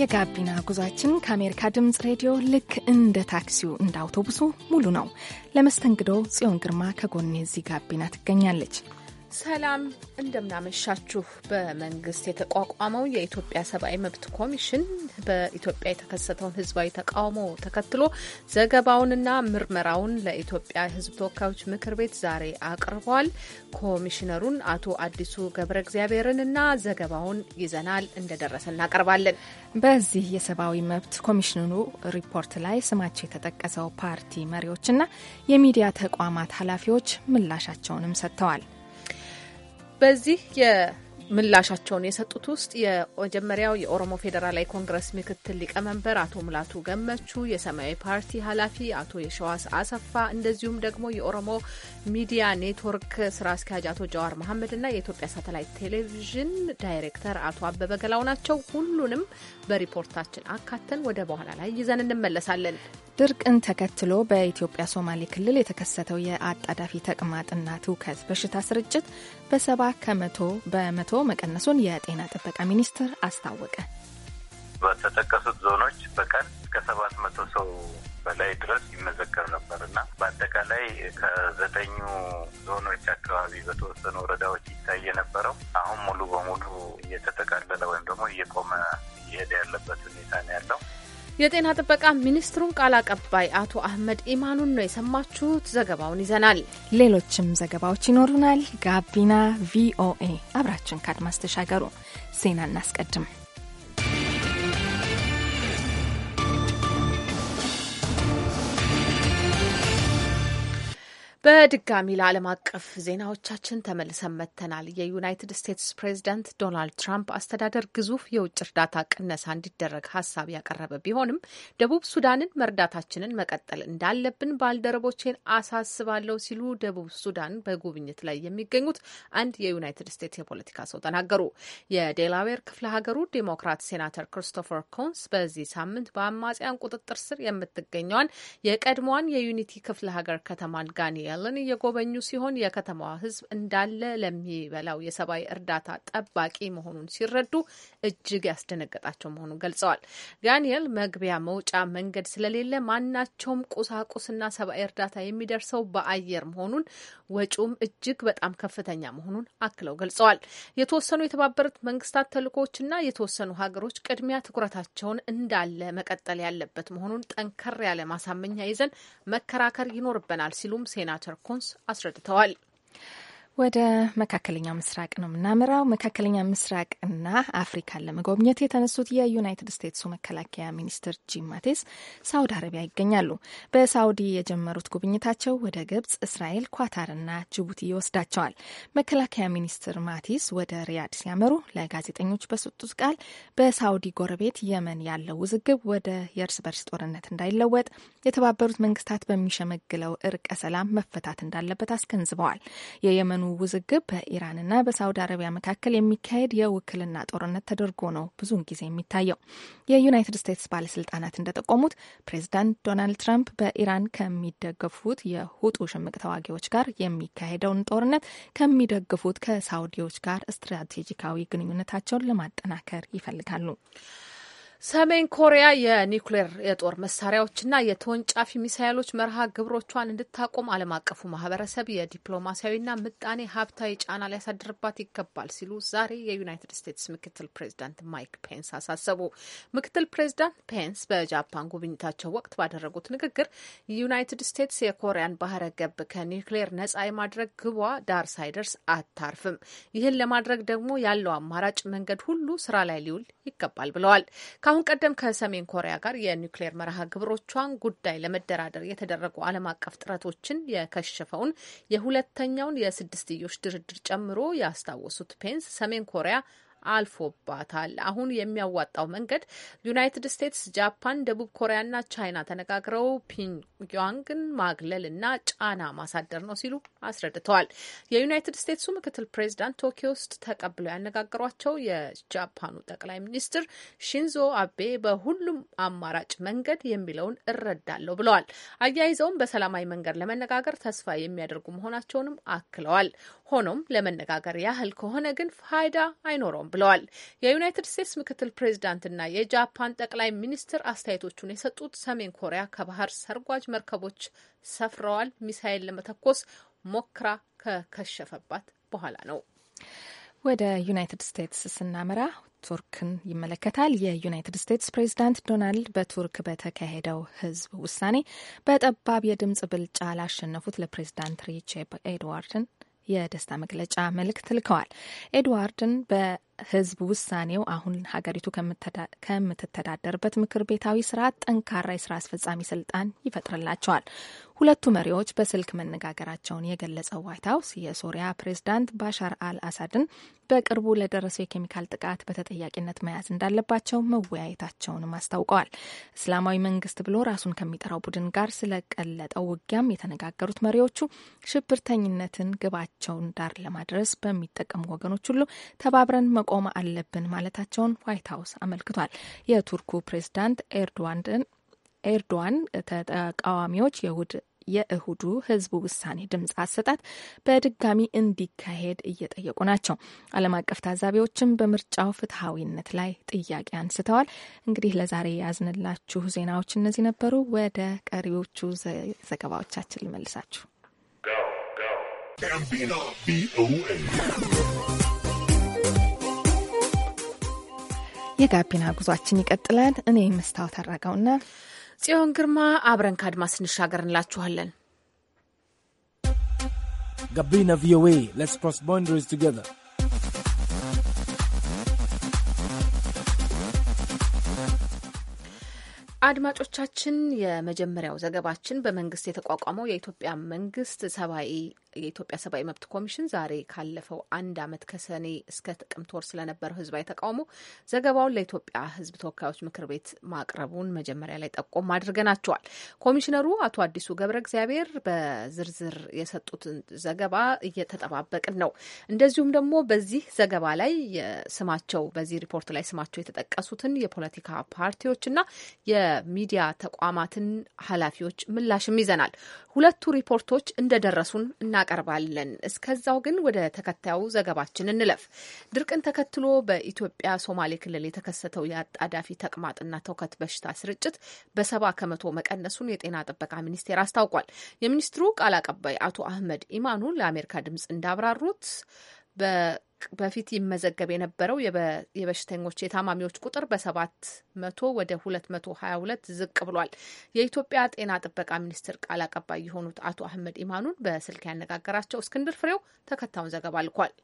የጋቢና ጉዟችን ከአሜሪካ ድምፅ ሬዲዮ ልክ እንደ ታክሲው እንደ አውቶቡሱ ሙሉ ነው። ለመስተንግዶ ጽዮን ግርማ ከጎኔ እዚህ ጋቢና ትገኛለች። ሰላም እንደምናመሻችሁ። በመንግስት የተቋቋመው የኢትዮጵያ ሰብአዊ መብት ኮሚሽን በኢትዮጵያ የተከሰተውን ህዝባዊ ተቃውሞ ተከትሎ ዘገባውንና ምርመራውን ለኢትዮጵያ ህዝብ ተወካዮች ምክር ቤት ዛሬ አቅርቧል። ኮሚሽነሩን አቶ አዲሱ ገብረ እግዚአብሔርንና ዘገባውን ይዘናል፣ እንደደረሰ እናቀርባለን። በዚህ የሰብአዊ መብት ኮሚሽኑ ሪፖርት ላይ ስማቸው የተጠቀሰው ፓርቲ መሪዎችና የሚዲያ ተቋማት ኃላፊዎች ምላሻቸውንም ሰጥተዋል። በዚህ ምላሻቸውን የሰጡት ውስጥ የመጀመሪያው የኦሮሞ ፌዴራላዊ ኮንግረስ ምክትል ሊቀመንበር አቶ ሙላቱ ገመቹ፣ የሰማያዊ ፓርቲ ኃላፊ አቶ የሸዋስ አሰፋ እንደዚሁም ደግሞ የኦሮሞ ሚዲያ ኔትወርክ ስራ አስኪያጅ አቶ ጀዋር መሐመድ ና የኢትዮጵያ ሳተላይት ቴሌቪዥን ዳይሬክተር አቶ አበበ ገላው ናቸው። ሁሉንም በሪፖርታችን አካተን ወደ በኋላ ላይ ይዘን እንመለሳለን። ድርቅን ተከትሎ በኢትዮጵያ ሶማሌ ክልል የተከሰተው የአጣዳፊ ተቅማጥና ትውከት በሽታ ስርጭት በሰባ ከመቶ በመቶ መቀነሱን የጤና ጥበቃ ሚኒስቴር አስታወቀ። በተጠቀሱት ዞኖች በቀን እስከ ሰባት መቶ ሰው በላይ ድረስ ይመዘገብ ነበር እና በአጠቃላይ ከዘጠኙ ዞኖች አካባቢ በተወሰኑ ወረዳዎች ይታይ የነበረው አሁን ሙሉ በሙሉ እየተጠቃለለ ወይም ደግሞ እየቆመ እየሄደ ያለበት ሁኔታ ነው ያለው። የጤና ጥበቃ ሚኒስትሩን ቃል አቀባይ አቶ አህመድ ኢማኑን ነው የሰማችሁት። ዘገባውን ይዘናል። ሌሎችም ዘገባዎች ይኖሩናል። ጋቢና ቪኦኤ አብራችን ከአድማስ ተሻገሩ። ዜና እናስቀድም። በድጋሚ ለዓለም አቀፍ ዜናዎቻችን ተመልሰን መጥተናል። የዩናይትድ ስቴትስ ፕሬዚደንት ዶናልድ ትራምፕ አስተዳደር ግዙፍ የውጭ እርዳታ ቅነሳ እንዲደረግ ሀሳብ ያቀረበ ቢሆንም ደቡብ ሱዳንን መርዳታችንን መቀጠል እንዳለብን ባልደረቦቼን አሳስባለሁ ሲሉ ደቡብ ሱዳን በጉብኝት ላይ የሚገኙት አንድ የዩናይትድ ስቴትስ የፖለቲካ ሰው ተናገሩ። የዴላዌር ክፍለ ሀገሩ ዴሞክራት ሴናተር ክሪስቶፈር ኮንስ በዚህ ሳምንት በአማጽያን ቁጥጥር ስር የምትገኘዋን የቀድሞዋን የዩኒቲ ክፍለ ሀገር ከተማን ጋኒየል ሜሪላንድን እየጎበኙ ሲሆን የከተማዋ ሕዝብ እንዳለ ለሚበላው የሰብአዊ እርዳታ ጠባቂ መሆኑን ሲረዱ እጅግ ያስደነገጣቸው መሆኑን ገልጸዋል። ዳንኤል መግቢያ መውጫ መንገድ ስለሌለ ማናቸውም ቁሳቁስና ሰብአዊ እርዳታ የሚደርሰው በአየር መሆኑን ወጪውም እጅግ በጣም ከፍተኛ መሆኑን አክለው ገልጸዋል። የተወሰኑ የተባበሩት መንግስታት ተልእኮዎችና የተወሰኑ ሀገሮች ቅድሚያ ትኩረታቸውን እንዳለ መቀጠል ያለበት መሆኑን ጠንከር ያለ ማሳመኛ ይዘን መከራከር ይኖርብናል ሲሉም ሴናተር ፒተር ኩንስ አስረድተዋል። ወደ መካከለኛው ምስራቅ ነው የምናምራው። መካከለኛ ምስራቅና አፍሪካን ለመጎብኘት የተነሱት የዩናይትድ ስቴትሱ መከላከያ ሚኒስትር ጂም ማቴስ ሳውዲ አረቢያ ይገኛሉ። በሳውዲ የጀመሩት ጉብኝታቸው ወደ ግብጽ፣ እስራኤል፣ ኳታርና ጅቡቲ ይወስዳቸዋል። መከላከያ ሚኒስትር ማቲስ ወደ ሪያድ ሲያመሩ ለጋዜጠኞች በሰጡት ቃል በሳውዲ ጎረቤት የመን ያለው ውዝግብ ወደ የእርስ በርስ ጦርነት እንዳይለወጥ የተባበሩት መንግስታት በሚሸመግለው እርቀ ሰላም መፈታት እንዳለበት አስገንዝበዋል። የየመኑ የኢራኑ ውዝግብ በኢራንና በሳውዲ አረቢያ መካከል የሚካሄድ የውክልና ጦርነት ተደርጎ ነው ብዙውን ጊዜ የሚታየው። የዩናይትድ ስቴትስ ባለስልጣናት እንደጠቆሙት ፕሬዚዳንት ዶናልድ ትራምፕ በኢራን ከሚደገፉት የሁጡ ሽምቅ ተዋጊዎች ጋር የሚካሄደውን ጦርነት ከሚደግፉት ከሳውዲዎች ጋር ስትራቴጂካዊ ግንኙነታቸውን ለማጠናከር ይፈልጋሉ። ሰሜን ኮሪያ የኒውክሌር የጦር መሳሪያዎችና የተወንጫፊ ሚሳይሎች መርሃ ግብሮቿን እንድታቆም ዓለም አቀፉ ማህበረሰብ የዲፕሎማሲያዊና ምጣኔ ሀብታዊ ጫና ሊያሳድርባት ይገባል ሲሉ ዛሬ የዩናይትድ ስቴትስ ምክትል ፕሬዚዳንት ማይክ ፔንስ አሳሰቡ። ምክትል ፕሬዚዳንት ፔንስ በጃፓን ጉብኝታቸው ወቅት ባደረጉት ንግግር ዩናይትድ ስቴትስ የኮሪያን ባህረ ገብ ከኒውክሌር ነጻ የማድረግ ግቧ ዳር ሳይደርስ አታርፍም። ይህን ለማድረግ ደግሞ ያለው አማራጭ መንገድ ሁሉ ስራ ላይ ሊውል ይገባል ብለዋል። ከአሁን ቀደም ከሰሜን ኮሪያ ጋር የኒውክሌር መርሃ ግብሮቿን ጉዳይ ለመደራደር የተደረጉ ዓለም አቀፍ ጥረቶችን የከሸፈውን የሁለተኛውን የስድስትዮሽ ድርድር ጨምሮ ያስታወሱት ፔንስ ሰሜን ኮሪያ አልፎባታል። አሁን የሚያዋጣው መንገድ ዩናይትድ ስቴትስ፣ ጃፓን፣ ደቡብ ኮሪያና ቻይና ተነጋግረው ፒዮንግያንግን ማግለል እና ጫና ማሳደር ነው ሲሉ አስረድተዋል። የዩናይትድ ስቴትሱ ምክትል ፕሬዚዳንት ቶኪዮ ውስጥ ተቀብለው ያነጋገሯቸው የጃፓኑ ጠቅላይ ሚኒስትር ሺንዞ አቤ በሁሉም አማራጭ መንገድ የሚለውን እረዳለሁ ብለዋል። አያይዘውም በሰላማዊ መንገድ ለመነጋገር ተስፋ የሚያደርጉ መሆናቸውንም አክለዋል። ሆኖም ለመነጋገር ያህል ከሆነ ግን ፋይዳ አይኖረውም ብለዋል። የዩናይትድ ስቴትስ ምክትል ፕሬዚዳንትና የጃፓን ጠቅላይ ሚኒስትር አስተያየቶቹን የሰጡት ሰሜን ኮሪያ ከባህር ሰርጓጅ መርከቦች ሰፍረዋል ሚሳይል ለመተኮስ ሞክራ ከከሸፈባት በኋላ ነው። ወደ ዩናይትድ ስቴትስ ስናመራ ቱርክን ይመለከታል። የዩናይትድ ስቴትስ ፕሬዚዳንት ዶናልድ በቱርክ በተካሄደው ህዝብ ውሳኔ በጠባብ የድምጽ ብልጫ ላሸነፉት ለፕሬዚዳንት ሪቼፕ ኤድዋርድን የደስታ መግለጫ መልእክት ልከዋል። ኤድዋርድን በ ህዝብ ውሳኔው አሁን ሀገሪቱ ከምትተዳደርበት ምክር ቤታዊ ስርዓት ጠንካራ የስራ አስፈጻሚ ስልጣን ይፈጥርላቸዋል። ሁለቱ መሪዎች በስልክ መነጋገራቸውን የገለጸው ዋይት ሀውስ የሶሪያ ፕሬዝዳንት ባሻር አል አሳድን በቅርቡ ለደረሰው የኬሚካል ጥቃት በተጠያቂነት መያዝ እንዳለባቸው መወያየታቸውንም አስታውቀዋል። እስላማዊ መንግስት ብሎ ራሱን ከሚጠራው ቡድን ጋር ስለቀለጠው ውጊያም የተነጋገሩት መሪዎቹ ሽብርተኝነትን ግባቸውን ዳር ለማድረስ በሚጠቀሙ ወገኖች ሁሉ ተባብረን መቆም አለብን ማለታቸውን ዋይት ሀውስ አመልክቷል። የቱርኩ ፕሬዚዳንት ኤርዶዋን ተቃዋሚዎች የእሁድ የእሁዱ ህዝቡ ውሳኔ ድምፅ አሰጣት በድጋሚ እንዲካሄድ እየጠየቁ ናቸው። ዓለም አቀፍ ታዛቢዎችም በምርጫው ፍትሐዊነት ላይ ጥያቄ አንስተዋል። እንግዲህ ለዛሬ ያዝንላችሁ ዜናዎች እነዚህ ነበሩ። ወደ ቀሪዎቹ ዘገባዎቻችን ልመልሳችሁ። የጋቢና ጉዟችን ይቀጥላል። እኔ መስታወት አድረገውና ጽዮን ግርማ አብረን ከአድማስ ስንሻገር እንላችኋለን። ጋቢና ቪኦኤ ሌትስ ክሮስ ቦንደሪስ ቱጌዘር አድማጮቻችን፣ የመጀመሪያው ዘገባችን በመንግስት የተቋቋመው የኢትዮጵያ መንግስት ሰብአዊ የኢትዮጵያ ሰብአዊ መብት ኮሚሽን ዛሬ ካለፈው አንድ ዓመት ከሰኔ እስከ ጥቅምት ወር ስለነበረው ህዝባዊ ተቃውሞ ዘገባውን ለኢትዮጵያ ህዝብ ተወካዮች ምክር ቤት ማቅረቡን መጀመሪያ ላይ ጠቆም አድርገናቸዋል። ኮሚሽነሩ አቶ አዲሱ ገብረ እግዚአብሔር በዝርዝር የሰጡትን ዘገባ እየተጠባበቅን ነው። እንደዚሁም ደግሞ በዚህ ዘገባ ላይ ስማቸው በዚህ ሪፖርት ላይ ስማቸው የተጠቀሱትን የፖለቲካ ፓርቲዎችና የሚዲያ ተቋማትን ኃላፊዎች ምላሽም ይዘናል። ሁለቱ ሪፖርቶች እንደደረሱን እናቀርባለን። እስከዛው ግን ወደ ተከታዩ ዘገባችን እንለፍ። ድርቅን ተከትሎ በኢትዮጵያ ሶማሌ ክልል የተከሰተው የአጣዳፊ ተቅማጥና ተውከት በሽታ ስርጭት በሰባ ከመቶ መቀነሱን የጤና ጥበቃ ሚኒስቴር አስታውቋል። የሚኒስትሩ ቃል አቀባይ አቶ አህመድ ኢማኑ ለአሜሪካ ድምጽ እንዳብራሩት በ በፊት ይመዘገብ የነበረው የበሽተኞች የታማሚዎች ቁጥር በሰባት መቶ ወደ ሁለት መቶ ሀያ ሁለት ዝቅ ብሏል። የኢትዮጵያ ጤና ጥበቃ ሚኒስቴር ቃል አቀባይ የሆኑት አቶ አህመድ ኢማኑን በስልክ ያነጋገራቸው እስክንድር ፍሬው ተከታዩን ዘገባ ልኳል።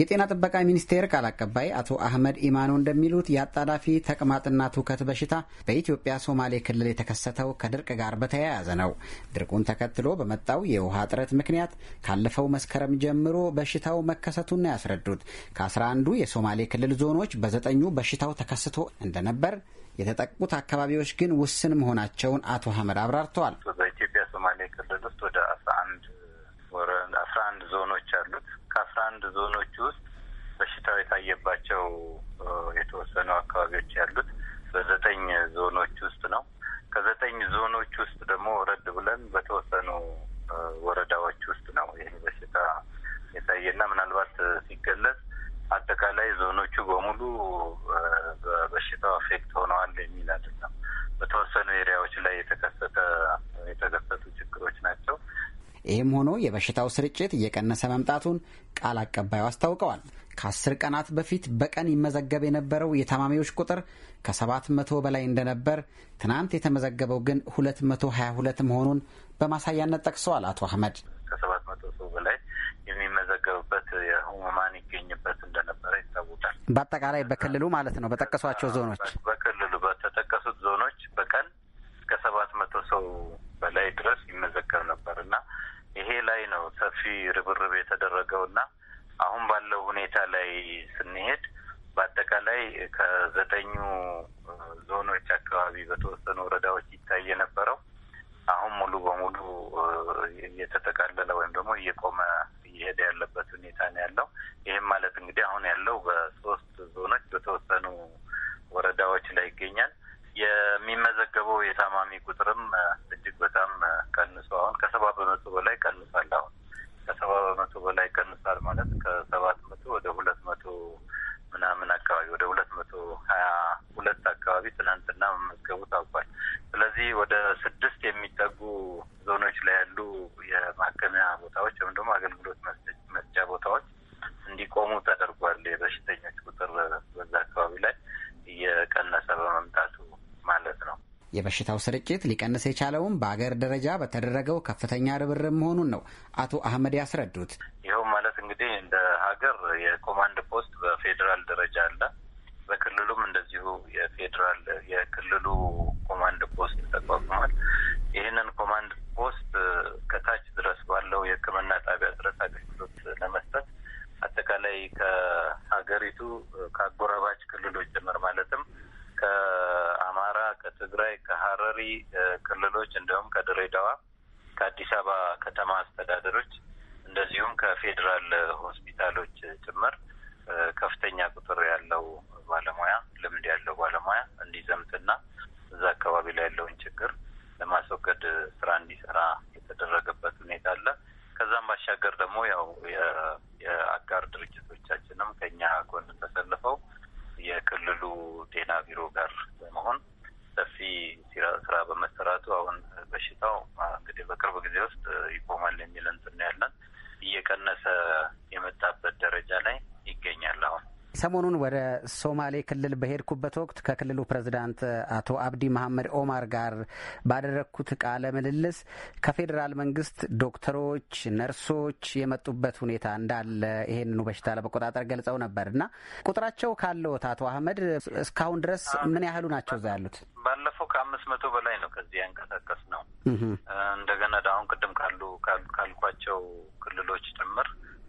የጤና ጥበቃ ሚኒስቴር ቃል አቀባይ አቶ አህመድ ኢማኖ እንደሚሉት የአጣዳፊ ተቅማጥና ትውከት በሽታ በኢትዮጵያ ሶማሌ ክልል የተከሰተው ከድርቅ ጋር በተያያዘ ነው። ድርቁን ተከትሎ በመጣው የውሃ እጥረት ምክንያት ካለፈው መስከረም ጀምሮ በሽታው መከሰቱና ያስረዱት ከአስራ አንዱ የሶማሌ ክልል ዞኖች በዘጠኙ በሽታው ተከስቶ እንደነበር የተጠቁት አካባቢዎች ግን ውስን መሆናቸውን አቶ አህመድ አብራርተዋል። በኢትዮጵያ ሶማሌ ክልል ውስጥ ወደ አስራ አንድ ዞኖች አሉት ከአስራ አንድ ዞኖች ውስጥ በሽታው የታየባቸው የተወሰኑ አካባቢዎች ያሉት በዘጠኝ ዞኖች ውስጥ ነው። ከዘጠኝ ዞኖች ውስጥ ደግሞ ረድ ብለን በተወሰኑ ወረዳዎች ውስጥ ነው ይህ በሽታ የታየና ምናልባት ሲገለጽ አጠቃላይ ዞኖቹ በሙሉ በበሽታው አፌክት ሆነዋል የሚል አይደለም። በተወሰኑ ኤሪያዎች ላይ የተከሰተ የተከሰቱ ችግሮች ናቸው። ይህም ሆኖ የበሽታው ስርጭት እየቀነሰ መምጣቱን ቃል አቀባዩ አስታውቀዋል። ከአስር ቀናት በፊት በቀን ይመዘገብ የነበረው የታማሚዎች ቁጥር ከሰባት መቶ በላይ እንደነበር፣ ትናንት የተመዘገበው ግን ሁለት መቶ ሀያ ሁለት መሆኑን በማሳያነት ጠቅሰዋል አቶ አህመድ ከሰባት መቶ ሰው በላይ የሚመዘገብበት የህሙማን ይገኝበት እንደነበረ ይታወቃል። በአጠቃላይ በክልሉ ማለት ነው በጠቀሷቸው ዞኖች በክልሉ በተጠቀሱት ዞኖች በቀን እስከ ሰባት መቶ ሰው በላይ ድረስ ይመዘገብ ነበር እና ይሄ ላይ ነው ሰፊ ርብርብ የተደረገው እና አሁን ባለው ሁኔታ ላይ ስንሄድ በአጠቃላይ ከዘጠኙ ዞኖች አካባቢ በተወሰኑ ወረዳዎች ይታይ የነበረው አሁን ሙሉ በሙሉ እየተጠቃለለ ወይም ደግሞ እየቆመ እየሄደ ያለበት ሁኔታ ነው ያለው። ይህም ማለት እንግዲህ አሁን ያለው በሶስት ዞኖች በተወሰኑ ወረዳዎች ላይ ይገኛል። የሚመዘገበው የታማሚ ቁጥርም እጅግ በጣም ቀንሶ አሁን ከሰባ በመቶ በላይ ቀንሶ የበሽታው ስርጭት ሊቀንስ የቻለውም በአገር ደረጃ በተደረገው ከፍተኛ ርብርብ መሆኑን ነው አቶ አህመድ ያስረዱት። ከሀረሪ ክልሎች እንዲሁም ከድሬዳዋ ከአዲስ አበባ ከተማ አስተዳደሮች እንደዚሁም ከፌዴራል ሆስፒታሎች ጭምር ከፍተኛ ቁጥር ያለው ባለሙያ ልምድ ያለው ባለሙያ እንዲዘምትና እዛ አካባቢ ላይ ያለውን ችግር ለማስወገድ ስራ እንዲሰራ የተደረገበት ሁኔታ አለ። ከዛም ባሻገር ደግሞ ያው የአጋር ድርጅቶቻችንም ከኛ ጎን ተሰልፈው የክልሉ ጤና ቢሮ ጋር በመሆን ሰፊ ስራ በመሰራቱ አሁን በሽታው እንግዲህ በቅርብ ጊዜ ውስጥ ይቆማል የሚል እንትን ያለን እየቀነሰ የመጣበት ደረጃ ላይ ይገኛል አሁን ሰሞኑን ወደ ሶማሌ ክልል በሄድኩበት ወቅት ከክልሉ ፕሬዚዳንት አቶ አብዲ መሐመድ ኦማር ጋር ባደረግኩት ቃለ ምልልስ ከፌዴራል መንግስት ዶክተሮች፣ ነርሶች የመጡበት ሁኔታ እንዳለ ይሄንኑ በሽታ ለመቆጣጠር ገልጸው ነበር እና ቁጥራቸው ካለዎት አቶ አህመድ እስካሁን ድረስ ምን ያህሉ ናቸው እዛ ያሉት? ባለፈው ከአምስት መቶ በላይ ነው ከዚህ ያንቀሳቀስ ነው እንደገና አሁን ቅድም ካሉ ካልኳቸው ክልሎች ጭምር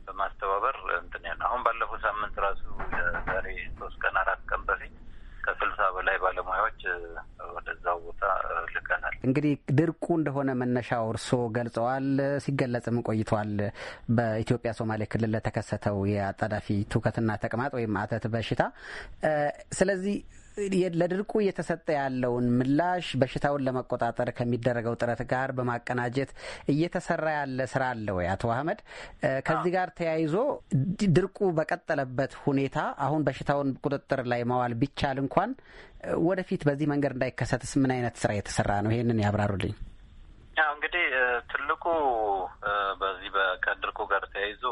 በማስተባበር እንትን ያለ አሁን ባለፈው ሳምንት ራሱ የዛሬ ሶስት ቀን አራት ቀን በፊት ከስልሳ በላይ ባለሙያዎች ወደዛው ቦታ ልከናል። እንግዲህ ድርቁ እንደሆነ መነሻው እርስዎ ገልጸዋል፣ ሲገለጽም ቆይቷል። በኢትዮጵያ ሶማሌ ክልል ለተከሰተው የአጣዳፊ ትውከትና ተቅማጥ ወይም አተት በሽታ ስለዚህ ለድርቁ እየተሰጠ ያለውን ምላሽ በሽታውን ለመቆጣጠር ከሚደረገው ጥረት ጋር በማቀናጀት እየተሰራ ያለ ስራ አለ ወይ? አቶ አህመድ፣ ከዚህ ጋር ተያይዞ ድርቁ በቀጠለበት ሁኔታ አሁን በሽታውን ቁጥጥር ላይ ማዋል ቢቻል እንኳን ወደፊት በዚህ መንገድ እንዳይከሰትስ ምን አይነት ስራ የተሰራ ነው? ይሄንን ያብራሩልኝ። ያው እንግዲህ ትልቁ በዚህ ከድርቁ ጋር ተያይዞ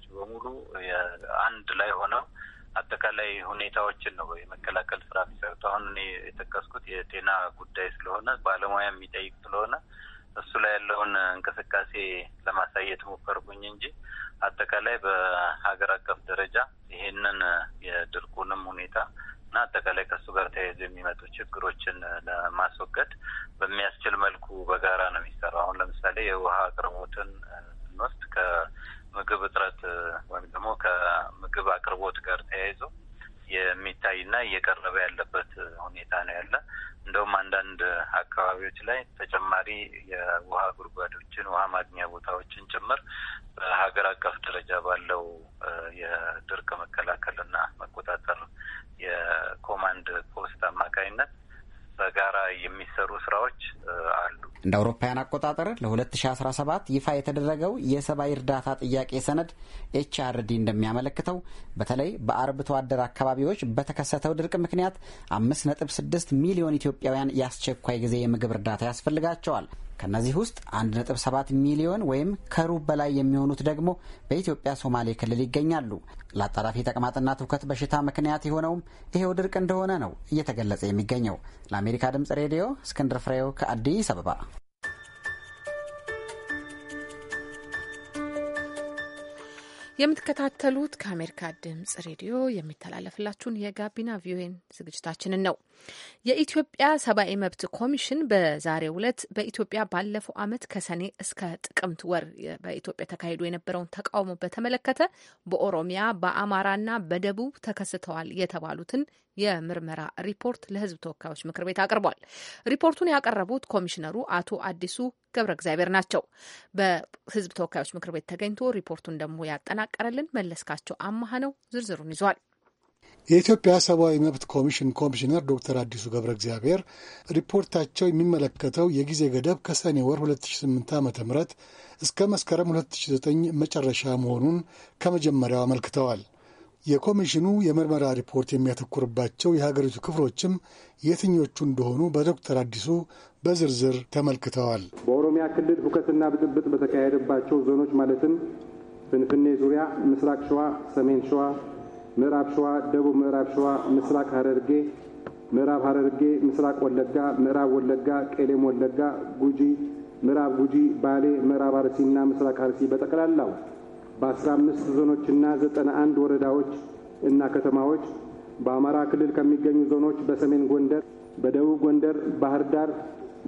ኃይሎች በሙሉ አንድ ላይ ሆነው አጠቃላይ ሁኔታዎችን ነው የመከላከል ስራ የሚሰሩት። አሁን እኔ የጠቀስኩት የጤና ጉዳይ ስለሆነ ባለሙያ የሚጠይቅ ስለሆነ እሱ ላይ ያለውን እንቅስቃሴ ለማሳየት ሞከርኩኝ እንጂ አጠቃላይ በሀገር አቀፍ ደረጃ ይሄንን የድርቁንም ሁኔታ እና አጠቃላይ ከእሱ ጋር ተያይዞ የሚመጡ ችግሮችን ለማስወገድ በሚያስችል መልኩ በጋራ የሚሰሩ ስራዎች አሉ። እንደ አውሮፓውያን አቆጣጠር ለ2017 ይፋ የተደረገው የሰብአዊ እርዳታ ጥያቄ ሰነድ ኤችአርዲ እንደሚያመለክተው በተለይ በአርብቶ አደር አካባቢዎች በተከሰተው ድርቅ ምክንያት 5.6 ሚሊዮን ኢትዮጵያውያን የአስቸኳይ ጊዜ የምግብ እርዳታ ያስፈልጋቸዋል። ከእነዚህ ውስጥ 1.7 ሚሊዮን ወይም ከሩብ በላይ የሚሆኑት ደግሞ በኢትዮጵያ ሶማሌ ክልል ይገኛሉ። ለአጣዳፊ ተቅማጥና ትውከት በሽታ ምክንያት የሆነውም ይሄው ድርቅ እንደሆነ ነው እየተገለጸ የሚገኘው። ለአሜሪካ ድምጽ ሬዲዮ እስክንድር ፍሬው ከአዲስ አበባ የምትከታተሉት ከአሜሪካ ድምጽ ሬዲዮ የሚተላለፍላችሁን የጋቢና ቪኦኤን ዝግጅታችንን ነው። የኢትዮጵያ ሰብአዊ መብት ኮሚሽን በዛሬው ዕለት በኢትዮጵያ ባለፈው ዓመት ከሰኔ እስከ ጥቅምት ወር በኢትዮጵያ ተካሂዶ የነበረውን ተቃውሞ በተመለከተ በኦሮሚያ በአማራና በደቡብ ተከስተዋል የተባሉትን የምርመራ ሪፖርት ለሕዝብ ተወካዮች ምክር ቤት አቅርቧል። ሪፖርቱን ያቀረቡት ኮሚሽነሩ አቶ አዲሱ ገብረ እግዚአብሔር ናቸው። በህዝብ ተወካዮች ምክር ቤት ተገኝቶ ሪፖርቱን ደግሞ ያጠናቀረልን መለስካቸው አማሀ ነው። ዝርዝሩን ይዟል። የኢትዮጵያ ሰብአዊ መብት ኮሚሽን ኮሚሽነር ዶክተር አዲሱ ገብረ እግዚአብሔር ሪፖርታቸው የሚመለከተው የጊዜ ገደብ ከሰኔ ወር 2008 ዓ ም እስከ መስከረም 2009 መጨረሻ መሆኑን ከመጀመሪያው አመልክተዋል። የኮሚሽኑ የምርመራ ሪፖርት የሚያተኩርባቸው የሀገሪቱ ክፍሎችም የትኞቹ እንደሆኑ በዶክተር አዲሱ በዝርዝር ተመልክተዋል። በኦሮሚያ ክልል ሁከትና ብጥብጥ በተካሄደባቸው ዞኖች ማለትም ፍንፍኔ ዙሪያ፣ ምስራቅ ሸዋ፣ ሰሜን ሸዋ፣ ምዕራብ ሸዋ፣ ደቡብ ምዕራብ ሸዋ፣ ምስራቅ ሀረርጌ፣ ምዕራብ ሀረርጌ ምስራቅ ወለጋ፣ ምዕራብ ወለጋ፣ ቄሌም ወለጋ፣ ጉጂ፣ ምዕራብ ጉጂ፣ ባሌ፣ ምዕራብ አርሲ እና ምስራቅ አርሲ በጠቅላላው በ15 ዞኖችና 91 ወረዳዎች እና ከተማዎች በአማራ ክልል ከሚገኙ ዞኖች በሰሜን ጎንደር፣ በደቡብ ጎንደር፣ ባህር ዳር፣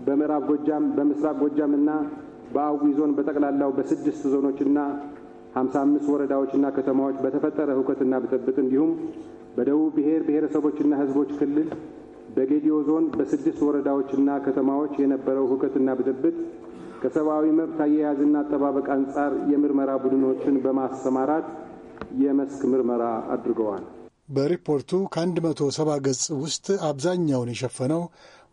በምዕራብ ጎጃም፣ በምስራቅ ጎጃም እና በአዊ ዞን በጠቅላላው በስድስት ዞኖችና 55 ወረዳዎችና ከተማዎች በተፈጠረ ሁከትና ብጥብጥ እንዲሁም በደቡብ ብሔር ብሔረሰቦችና ህዝቦች ክልል በጌዲዮ ዞን በስድስት ወረዳዎችና ከተማዎች የነበረው ሁከትና ብጥብጥ ከሰብአዊ መብት አያያዝና አጠባበቅ አንጻር የምርመራ ቡድኖችን በማሰማራት የመስክ ምርመራ አድርገዋል። በሪፖርቱ ከ170 ገጽ ውስጥ አብዛኛውን የሸፈነው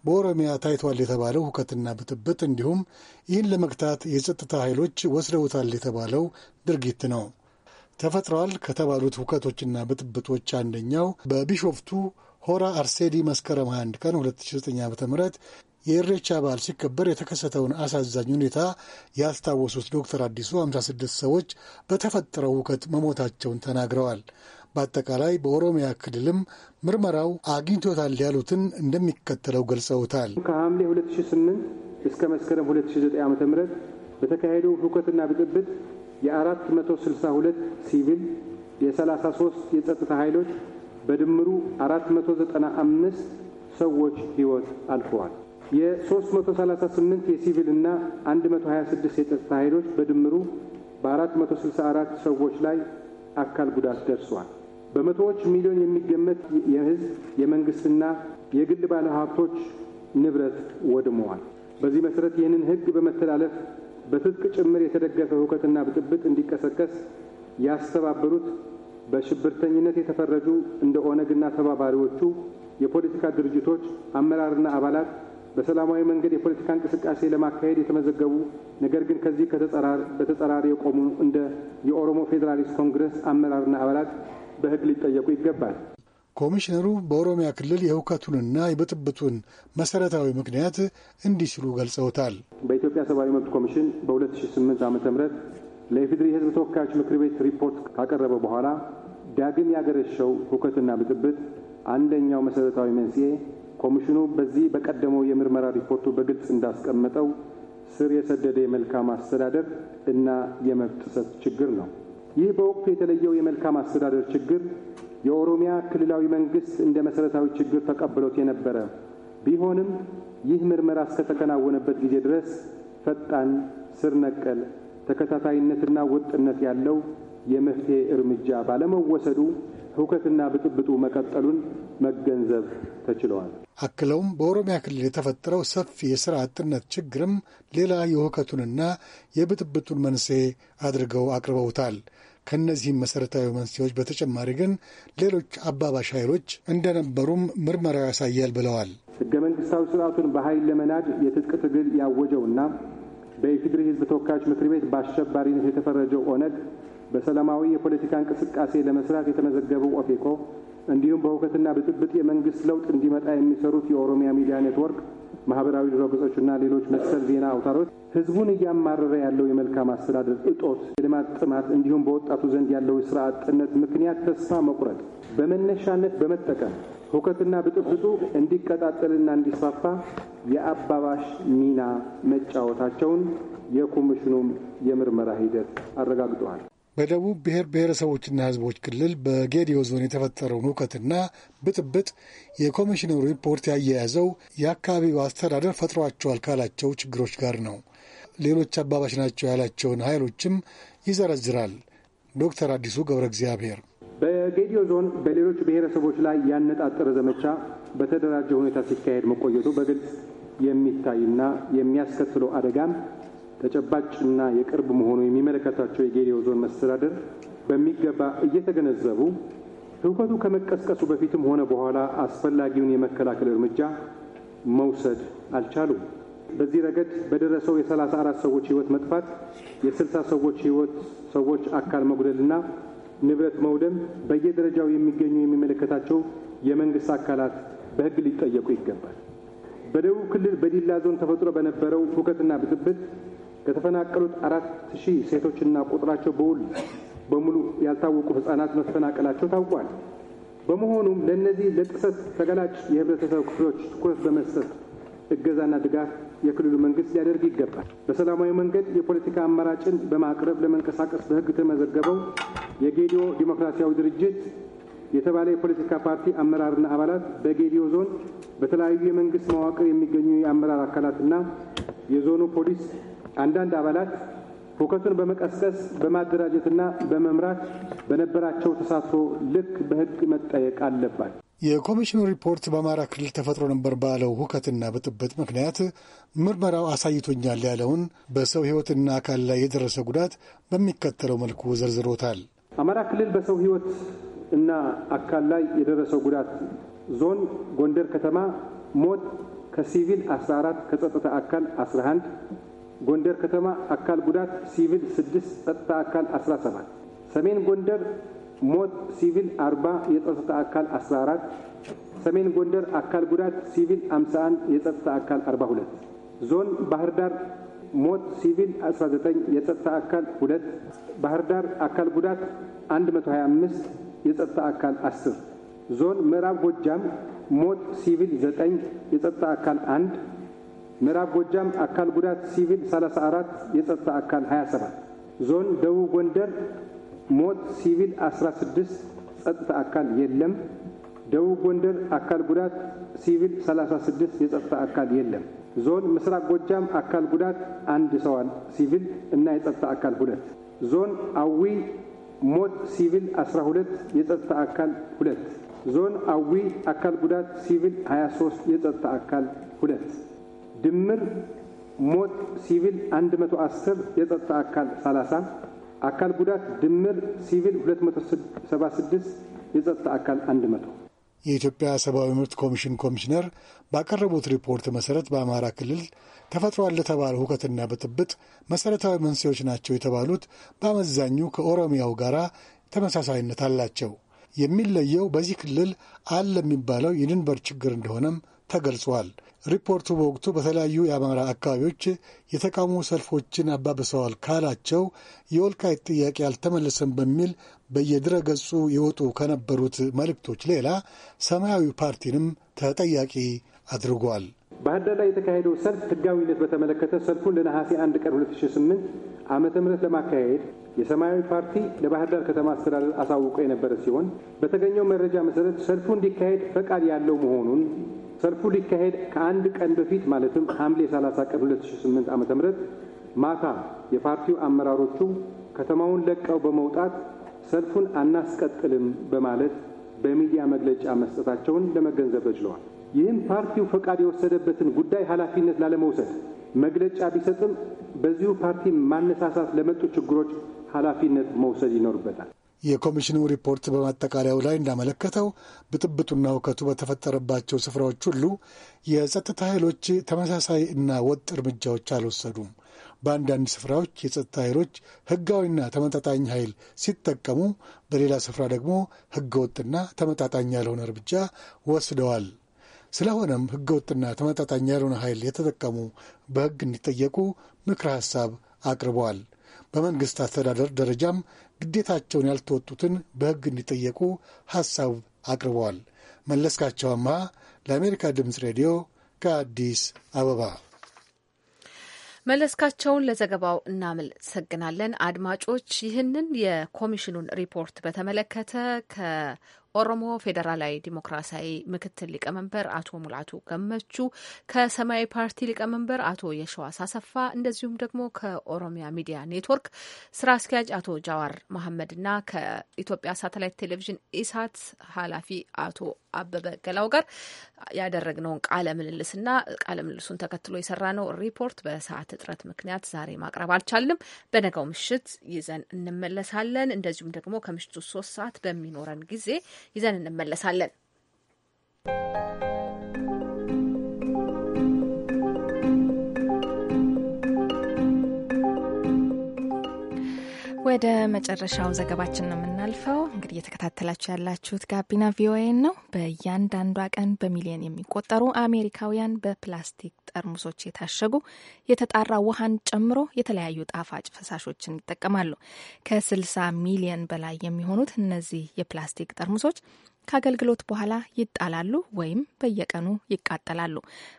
በኦሮሚያ ታይቷል የተባለው ሁከትና ብጥብጥ እንዲሁም ይህን ለመግታት የጸጥታ ኃይሎች ወስደውታል የተባለው ድርጊት ነው። ተፈጥረዋል ከተባሉት ሁከቶችና ብጥብጦች አንደኛው በቢሾፍቱ ሆራ አርሴዲ መስከረም 21 ቀን 2009 ዓ ም የእሬቻ በዓል ሲከበር የተከሰተውን አሳዛኝ ሁኔታ ያስታወሱት ዶክተር አዲሱ 56 ሰዎች በተፈጠረው ውከት መሞታቸውን ተናግረዋል። በአጠቃላይ በኦሮሚያ ክልልም ምርመራው አግኝቶታል ያሉትን እንደሚከተለው ገልጸውታል። ከሐምሌ 2008 እስከ መስከረም 2009 ዓ ም በተካሄደው ሁከትና ብጥብጥ የ462 ሲቪል፣ የ33 የጸጥታ ኃይሎች በድምሩ 495 ሰዎች ሕይወት አልፈዋል። የ338 የሲቪል እና 126 የጸጥታ ኃይሎች በድምሩ በ464 ሰዎች ላይ አካል ጉዳት ደርሷል። በመቶዎች ሚሊዮን የሚገመት የህዝብ የመንግሥትና የግል ባለሀብቶች ንብረት ወድመዋል። በዚህ መሠረት ይህንን ሕግ በመተላለፍ በትጥቅ ጭምር የተደገፈ ሁከትና ብጥብጥ እንዲቀሰቀስ ያስተባበሩት በሽብርተኝነት የተፈረጁ እንደ ኦነግና ተባባሪዎቹ የፖለቲካ ድርጅቶች አመራርና አባላት በሰላማዊ መንገድ የፖለቲካ እንቅስቃሴ ለማካሄድ የተመዘገቡ ነገር ግን ከዚህ በተጸራሪ የቆሙ እንደ የኦሮሞ ፌዴራሊስት ኮንግረስ አመራርና አባላት በሕግ ሊጠየቁ ይገባል። ኮሚሽነሩ በኦሮሚያ ክልል የሁከቱንና የብጥብጡን መሰረታዊ ምክንያት እንዲህ ሲሉ ገልጸውታል። በኢትዮጵያ ሰብአዊ መብት ኮሚሽን በ2008 ዓ ም ለኢፌዴሪ ህዝብ ተወካዮች ምክር ቤት ሪፖርት ካቀረበ በኋላ ዳግም ያገረሸው ሁከትና ብጥብጥ አንደኛው መሰረታዊ መንስኤ ኮሚሽኑ በዚህ በቀደመው የምርመራ ሪፖርቱ በግልጽ እንዳስቀመጠው ስር የሰደደ የመልካም አስተዳደር እና የመብት ጥሰት ችግር ነው። ይህ በወቅቱ የተለየው የመልካም አስተዳደር ችግር የኦሮሚያ ክልላዊ መንግስት እንደ መሠረታዊ ችግር ተቀብሎት የነበረ ቢሆንም ይህ ምርመራ እስከተከናወነበት ጊዜ ድረስ ፈጣን፣ ስር ነቀል፣ ተከታታይነትና ወጥነት ያለው የመፍትሄ እርምጃ ባለመወሰዱ ሁከትና ብጥብጡ መቀጠሉን መገንዘብ ተችለዋል። አክለውም በኦሮሚያ ክልል የተፈጠረው ሰፊ የሥራ አጥነት ችግርም ሌላ የውከቱንና የብጥብጡን መንስኤ አድርገው አቅርበውታል። ከእነዚህም መሠረታዊ መንስኤዎች በተጨማሪ ግን ሌሎች አባባሽ ኃይሎች እንደነበሩም ምርመራው ያሳያል ብለዋል። ሕገ መንግሥታዊ ስርዓቱን በኃይል ለመናድ የትጥቅ ትግል ያወጀውና በኢፌዴሪ ሕዝብ ተወካዮች ምክር ቤት በአሸባሪነት የተፈረጀው ኦነግ፣ በሰላማዊ የፖለቲካ እንቅስቃሴ ለመስራት የተመዘገበው ኦፌኮ እንዲሁም በሁከትና ብጥብጥ የመንግስት ለውጥ እንዲመጣ የሚሰሩት የኦሮሚያ ሚዲያ ኔትወርክ፣ ማህበራዊ ድረገጾችና ሌሎች መሰል ዜና አውታሮች ህዝቡን እያማረረ ያለው የመልካም አስተዳደር እጦት፣ የልማት ጥማት እንዲሁም በወጣቱ ዘንድ ያለው ስራ አጥነት ምክንያት ተስፋ መቁረጥ በመነሻነት በመጠቀም ሁከትና ብጥብጡ እንዲቀጣጠልና እንዲስፋፋ የአባባሽ ሚና መጫወታቸውን የኮሚሽኑም የምርመራ ሂደት አረጋግጠዋል። በደቡብ ብሔር ብሔረሰቦችና ሕዝቦች ክልል በጌዲዮ ዞን የተፈጠረውን ሁከትና ብጥብጥ የኮሚሽነሩ ሪፖርት ያያያዘው የአካባቢው አስተዳደር ፈጥሯቸዋል ካላቸው ችግሮች ጋር ነው። ሌሎች አባባሽ ናቸው ያላቸውን ኃይሎችም ይዘረዝራል። ዶክተር አዲሱ ገብረ እግዚአብሔር በጌዲዮ ዞን በሌሎች ብሔረሰቦች ላይ ያነጣጠረ ዘመቻ በተደራጀ ሁኔታ ሲካሄድ መቆየቱ በግልጽ የሚታይና የሚያስከትለው አደጋም ተጨባጭና የቅርብ መሆኑ የሚመለከታቸው የጌዲዮ ዞን መስተዳደር በሚገባ እየተገነዘቡ ህውከቱ ከመቀስቀሱ በፊትም ሆነ በኋላ አስፈላጊውን የመከላከል እርምጃ መውሰድ አልቻሉም። በዚህ ረገድ በደረሰው የ34 ሰዎች ህይወት መጥፋት የ60 ሰዎች ህይወት ሰዎች አካል መጉደልና ንብረት መውደም በየደረጃው የሚገኙ የሚመለከታቸው የመንግስት አካላት በህግ ሊጠየቁ ይገባል። በደቡብ ክልል በዲላ ዞን ተፈጥሮ በነበረው ሁከትና ብጥብጥ ከተፈናቀሉት አራት ሺህ ሴቶችና ቁጥራቸው በውል በሙሉ ያልታወቁ ህጻናት መፈናቀላቸው ታውቋል። በመሆኑም ለእነዚህ ለጥሰት ተገላጭ የህብረተሰብ ክፍሎች ትኩረት በመስጠት እገዛና ድጋፍ የክልሉ መንግስት ሊያደርግ ይገባል። በሰላማዊ መንገድ የፖለቲካ አማራጭን በማቅረብ ለመንቀሳቀስ በህግ የተመዘገበው የጌዲዮ ዲሞክራሲያዊ ድርጅት የተባለ የፖለቲካ ፓርቲ አመራርና አባላት በጌዲዮ ዞን በተለያዩ የመንግስት መዋቅር የሚገኙ የአመራር አካላትና የዞኑ ፖሊስ አንዳንድ አባላት ሁከቱን በመቀስቀስ በማደራጀትና በመምራት በነበራቸው ተሳትፎ ልክ በሕግ መጠየቅ አለባት። የኮሚሽኑ ሪፖርት በአማራ ክልል ተፈጥሮ ነበር ባለው ሁከትና ብጥብጥ ምክንያት ምርመራው አሳይቶኛል ያለውን በሰው ሕይወትና አካል ላይ የደረሰ ጉዳት በሚከተለው መልኩ ዘርዝሮታል። አማራ ክልል በሰው ሕይወት እና አካል ላይ የደረሰው ጉዳት ዞን ጎንደር ከተማ ሞት ከሲቪል 14 ከጸጥታ አካል 11 ጎንደር ከተማ አካል ጉዳት ሲቪል 6 ጸጥታ አካል 17 ሰሜን ጎንደር ሞት ሲቪል 40 የጸጥታ አካል 14 ሰሜን ጎንደር አካል ጉዳት ሲቪል 51 የጸጥታ አካል 42 ዞን ባህር ዳር ሞት ሲቪል 19 የጸጥታ አካል 2 ባህር ዳር አካል ጉዳት 125 የጸጥታ አካል 10 ዞን ምዕራብ ጎጃም ሞት ሲቪል 9 የጸጥታ አካል 1 ምዕራብ ጎጃም አካል ጉዳት ሲቪል 34 የጸጥታ አካል 27 ዞን ደቡብ ጎንደር ሞት ሲቪል 16 ጸጥታ አካል የለም ደቡብ ጎንደር አካል ጉዳት ሲቪል 36 የጸጥታ አካል የለም ዞን ምስራቅ ጎጃም አካል ጉዳት አንድ ሰዋል ሲቪል እና የጸጥታ አካል ሁለት ዞን አዊ ሞት ሲቪል 12 የጸጥታ አካል ሁለት ዞን አዊ አካል ጉዳት ሲቪል 23 የጸጥታ አካል ሁለት ድምር ሞት ሲቪል 110 የጸጥታ አካል 30 አካል ጉዳት ድምር ሲቪል 276 የጸጥታ አካል 100። የኢትዮጵያ ሰብአዊ መብት ኮሚሽን ኮሚሽነር ባቀረቡት ሪፖርት መሰረት በአማራ ክልል ተፈጥሯል ለተባለ ሁከትና ብጥብጥ መሰረታዊ መንስኤዎች ናቸው የተባሉት በአመዛኙ ከኦሮሚያው ጋር ተመሳሳይነት አላቸው። የሚለየው በዚህ ክልል አለ የሚባለው የድንበር ችግር እንደሆነም ተገልጿል። ሪፖርቱ በወቅቱ በተለያዩ የአማራ አካባቢዎች የተቃውሞ ሰልፎችን አባብሰዋል ካላቸው የወልቃይት ጥያቄ አልተመለሰም በሚል በየድረ ገጹ የወጡ ከነበሩት መልእክቶች ሌላ ሰማያዊ ፓርቲንም ተጠያቂ አድርጓል። ባህር ዳር ላይ የተካሄደው ሰልፍ ህጋዊነት በተመለከተ ሰልፉን ለነሐሴ 1 ቀን 2008 ዓመተ ምህረት ለማካሄድ የሰማያዊ ፓርቲ ለባህር ዳር ከተማ አስተዳደር አሳውቆ የነበረ ሲሆን በተገኘው መረጃ መሰረት ሰልፉ እንዲካሄድ ፈቃድ ያለው መሆኑን ሰልፉ ሊካሄድ ከአንድ ቀን በፊት ማለትም ሐምሌ 30 ቀን 2008 ዓ ም ማታ የፓርቲው አመራሮቹ ከተማውን ለቀው በመውጣት ሰልፉን አናስቀጥልም በማለት በሚዲያ መግለጫ መስጠታቸውን ለመገንዘብ ተችለዋል። ይህም ፓርቲው ፈቃድ የወሰደበትን ጉዳይ ኃላፊነት ላለመውሰድ መግለጫ ቢሰጥም በዚሁ ፓርቲ ማነሳሳት ለመጡ ችግሮች ኃላፊነት መውሰድ ይኖርበታል። የኮሚሽኑ ሪፖርት በማጠቃለያው ላይ እንዳመለከተው ብጥብጡና እውከቱ በተፈጠረባቸው ስፍራዎች ሁሉ የጸጥታ ኃይሎች ተመሳሳይ እና ወጥ እርምጃዎች አልወሰዱም። በአንዳንድ ስፍራዎች የጸጥታ ኃይሎች ህጋዊና ተመጣጣኝ ኃይል ሲጠቀሙ፣ በሌላ ስፍራ ደግሞ ህገወጥና ተመጣጣኝ ያልሆነ እርምጃ ወስደዋል። ስለሆነም ህገወጥና ተመጣጣኝ ያልሆነ ኃይል የተጠቀሙ በህግ እንዲጠየቁ ምክረ ሐሳብ አቅርበዋል። በመንግስት አስተዳደር ደረጃም ግዴታቸውን ያልተወጡትን በሕግ እንዲጠየቁ ሐሳብ አቅርበዋል። መለስካቸው ለአሜሪካ ድምፅ ሬዲዮ ከአዲስ አበባ። መለስካቸውን ለዘገባው እናመሰግናለን። አድማጮች፣ ይህንን የኮሚሽኑን ሪፖርት በተመለከተ ኦሮሞ ፌዴራላዊ ዲሞክራሲያዊ ምክትል ሊቀመንበር አቶ ሙላቱ ገመቹ ከሰማያዊ ፓርቲ ሊቀመንበር አቶ የሸዋስ አሰፋ እንደዚሁም ደግሞ ከኦሮሚያ ሚዲያ ኔትወርክ ስራ አስኪያጅ አቶ ጃዋር መሐመድና ከኢትዮጵያ ሳተላይት ቴሌቪዥን ኢሳት ኃላፊ አቶ አበበ ገላው ጋር ያደረግነውን ቃለ ምልልስና ቃለ ምልልሱን ተከትሎ የሰራ ነው ሪፖርት በሰዓት እጥረት ምክንያት ዛሬ ማቅረብ አልቻልም። በነገው ምሽት ይዘን እንመለሳለን። እንደዚሁም ደግሞ ከምሽቱ ሶስት ሰዓት በሚኖረን ጊዜ ይዘን እንመለሳለን። ወደ መጨረሻው ዘገባችን ነው የምናልፈው። እንግዲህ እየተከታተላችሁ ያላችሁት ጋቢና ቪኦኤን ነው። በእያንዳንዷ ቀን በሚሊዮን የሚቆጠሩ አሜሪካውያን በፕላስቲክ ጠርሙሶች የታሸጉ የተጣራ ውሃን ጨምሮ የተለያዩ ጣፋጭ ፈሳሾችን ይጠቀማሉ። ከ60 ሚሊዮን በላይ የሚሆኑት እነዚህ የፕላስቲክ ጠርሙሶች ከአገልግሎት በኋላ ይጣላሉ ወይም በየቀኑ ይቃጠላሉ።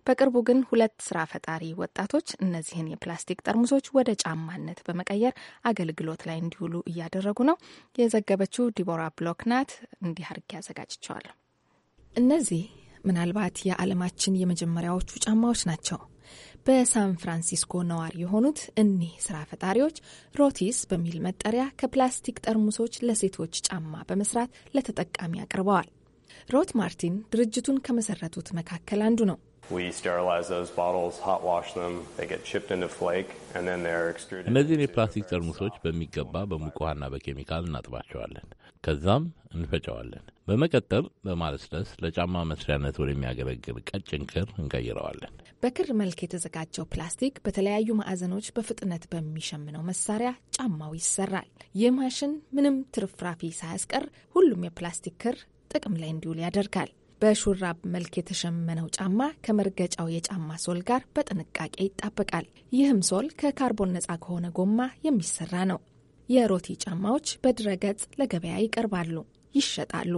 በቅርቡ ግን ሁለት ስራ ፈጣሪ ወጣቶች እነዚህን የፕላስቲክ ጠርሙሶች ወደ ጫማነት በመቀየር አገልግሎት ላይ እንዲውሉ እያደረጉ ነው። የዘገበችው ዲቦራ ብሎክ ናት። እንዲህ አድርጌ አዘጋጅቸዋለሁ። እነዚህ ምናልባት የዓለማችን የመጀመሪያዎቹ ጫማዎች ናቸው። በሳን ፍራንሲስኮ ነዋሪ የሆኑት እኒህ ስራ ፈጣሪዎች ሮቲስ በሚል መጠሪያ ከፕላስቲክ ጠርሙሶች ለሴቶች ጫማ በመስራት ለተጠቃሚ አቅርበዋል። ሮት ማርቲን ድርጅቱን ከመሰረቱት መካከል አንዱ ነው። እነዚህን የፕላስቲክ ጠርሙሶች በሚገባ በሙቅ ውሃና በኬሚካል እናጥባቸዋለን። ከዛም እንፈጨዋለን። በመቀጠል በማለስለስ ለጫማ መስሪያነት ወደሚያገለግል ቀጭን ክር እንቀይረዋለን። በክር መልክ የተዘጋጀው ፕላስቲክ በተለያዩ ማዕዘኖች በፍጥነት በሚሸምነው መሳሪያ ጫማው ይሰራል። ይህ ማሽን ምንም ትርፍራፊ ሳያስቀር ሁሉም የፕላስቲክ ክር ጥቅም ላይ እንዲውል ያደርጋል። በሹራብ መልክ የተሸመነው ጫማ ከመርገጫው የጫማ ሶል ጋር በጥንቃቄ ይጣበቃል። ይህም ሶል ከካርቦን ነጻ ከሆነ ጎማ የሚሰራ ነው። የሮቲ ጫማዎች በድረገጽ ለገበያ ይቀርባሉ፣ ይሸጣሉ።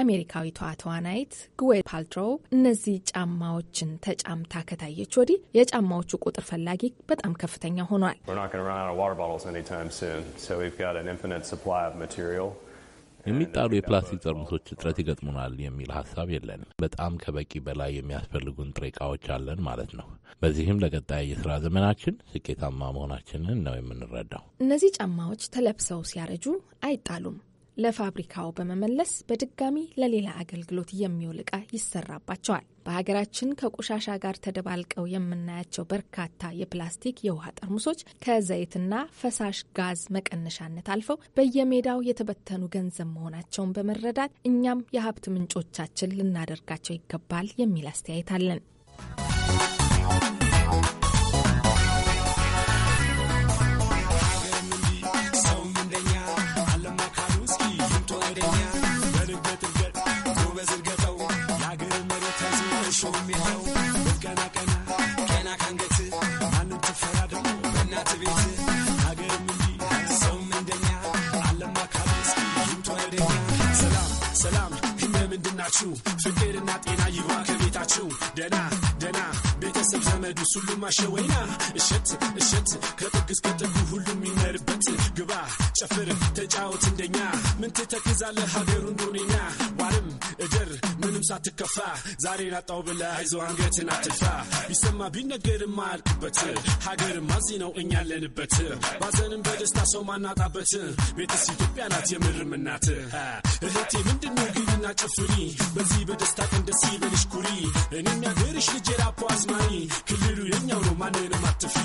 አሜሪካዊቷ ተዋናይት ግዌን ፓልትሮ እነዚህ ጫማዎችን ተጫምታ ከታየች ወዲህ የጫማዎቹ ቁጥር ፈላጊ በጣም ከፍተኛ ሆኗል። የሚጣሉ የፕላስቲክ ጠርሙሶች እጥረት ይገጥሙናል የሚል ሀሳብ የለን በጣም ከበቂ በላይ የሚያስፈልጉን ጥሬ እቃዎች አለን ማለት ነው። በዚህም ለቀጣይ የስራ ዘመናችን ስኬታማ መሆናችንን ነው የምንረዳው። እነዚህ ጫማዎች ተለብሰው ሲያረጁ አይጣሉም። ለፋብሪካው በመመለስ በድጋሚ ለሌላ አገልግሎት የሚውል እቃ ይሰራባቸዋል። በሀገራችን ከቆሻሻ ጋር ተደባልቀው የምናያቸው በርካታ የፕላስቲክ የውሃ ጠርሙሶች ከዘይትና ፈሳሽ ጋዝ መቀነሻነት አልፈው በየሜዳው የተበተኑ ገንዘብ መሆናቸውን በመረዳት እኛም የሀብት ምንጮቻችን ልናደርጋቸው ይገባል የሚል አስተያየት አለን። ሱስ ሁሉም አሸወና እሸት እሸት ከጥግ እስከ ሁሉም ግባ ጨፍር ተጫወት እንደኛ ምን ትተክዛለህ ሀገሩን አትከፋ ዛሬ ናጣው ብለ አይዞ አንገትን አትድፋ ቢሰማ ቢነገርም አያልቅበት ሀገርም አዚህ ነው እኛ ያለንበት ባዘንም በደስታ ሰው ማናጣበት ቤትስ ኢትዮጵያ ናት የምርም እናት እህቴ ምንድነው ግቢና ጨፍሪ በዚህ በደስታ ቀን ደስ ይበልሽ ኩሪ እኔም ያገርሽ ልጅ የራፖ አዝማሪ ክልሉ የኛው ነው ማንንም አትፍሪ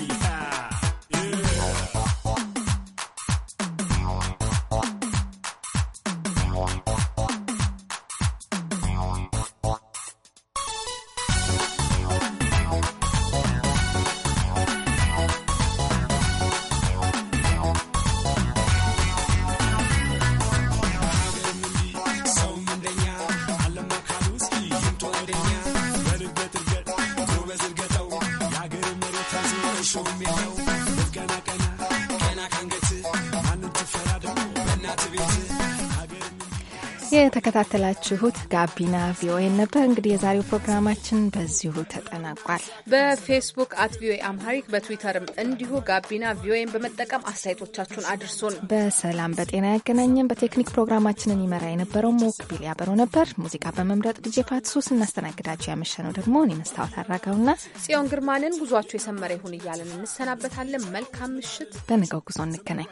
የተከታተላችሁት ጋቢና ቪኦኤ ነበር። እንግዲህ የዛሬው ፕሮግራማችን በዚሁ ተጠና ተጠናቋል። በፌስቡክ አት ቪኦኤ አምሃሪክ በትዊተርም እንዲሁ ጋቢና ቪኦኤን በመጠቀም አስተያየቶቻችሁን አድርሱን። በሰላም በጤና ያገናኘን። በቴክኒክ ፕሮግራማችንን ይመራ የነበረው ሞክቢል ያበረው ነበር። ሙዚቃ በመምረጥ ዲጄ ፋትሱ ስናስተናግዳቸው ያመሸነው ደግሞ እኔ መስታወት አራጋውና ጽዮን ግርማንን ጉዟችሁ የሰመረ ይሁን እያለን እንሰናበታለን። መልካም ምሽት። በነገው ጉዞ እንገናኝ።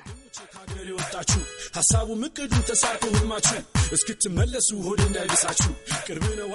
ወጣችሁ ሀሳቡ ምቅዱ ተሳርቶ ህልማችሁ እስክትመለሱ ሆድ እንዳይብሳችሁ ቅርብ ነው።